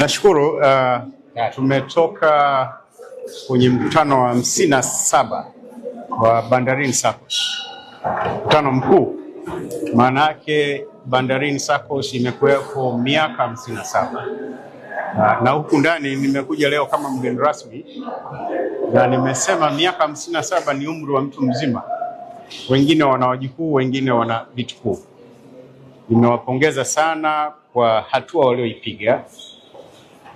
Nashukuru uh, tumetoka kwenye mkutano wa hamsini na saba wa Bandarini SACCOS, mkutano mkuu. Maana yake Bandarini SACCOS imekuwepo miaka hamsini na saba uh, na huku ndani nimekuja leo kama mgeni rasmi, na nimesema miaka hamsini na saba ni umri wa mtu mzima. Wengine wana wajukuu, wengine wana vitukuu. Nimewapongeza sana kwa hatua walioipiga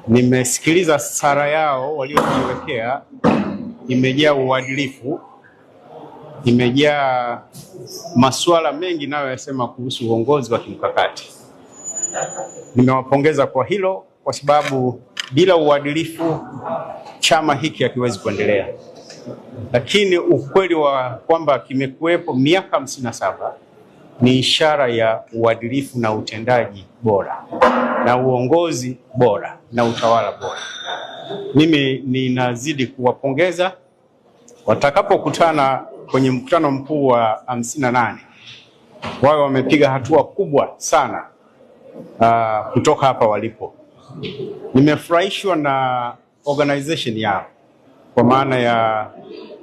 Nimesikiliza sara yao waliojiwekea, imejaa uadilifu, imejaa masuala mengi nayoyasema kuhusu uongozi wa kimkakati. Nimewapongeza kwa hilo, kwa sababu bila uadilifu chama hiki hakiwezi kuendelea. Lakini ukweli wa kwamba kimekuwepo miaka hamsini na saba ni ishara ya uadilifu na utendaji bora na uongozi bora na utawala bora. Mimi ninazidi kuwapongeza watakapokutana kwenye mkutano mkuu wa hamsini na nane wawe wamepiga hatua kubwa sana uh, kutoka hapa walipo. Nimefurahishwa na organization yao kwa maana ya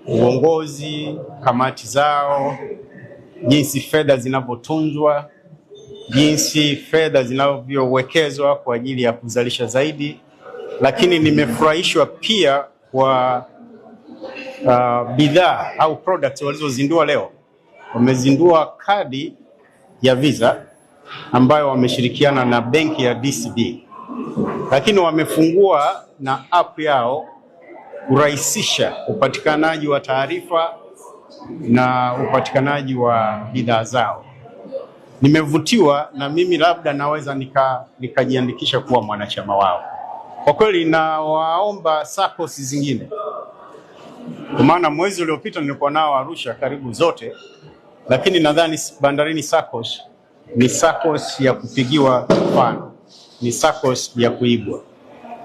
uongozi, kamati zao, jinsi fedha zinavyotunzwa jinsi fedha zinavyowekezwa kwa ajili ya kuzalisha zaidi, lakini nimefurahishwa pia kwa uh, bidhaa au product walizozindua leo. Wamezindua kadi ya Visa ambayo wameshirikiana na benki ya DCB, lakini wamefungua na app yao kurahisisha upatikanaji wa taarifa na upatikanaji wa bidhaa zao nimevutiwa na mimi labda naweza nikajiandikisha nika kuwa mwanachama wao. Kwa kweli nawaomba SACCOS zingine, kwa maana mwezi uliopita nilikuwa nao Arusha karibu zote, lakini nadhani Bandarini SACCOS ni SACCOS ya kupigiwa mfano, ni SACCOS ya kuigwa.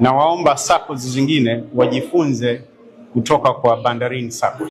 Nawaomba SACCOS zingine wajifunze kutoka kwa Bandarini SACCOS.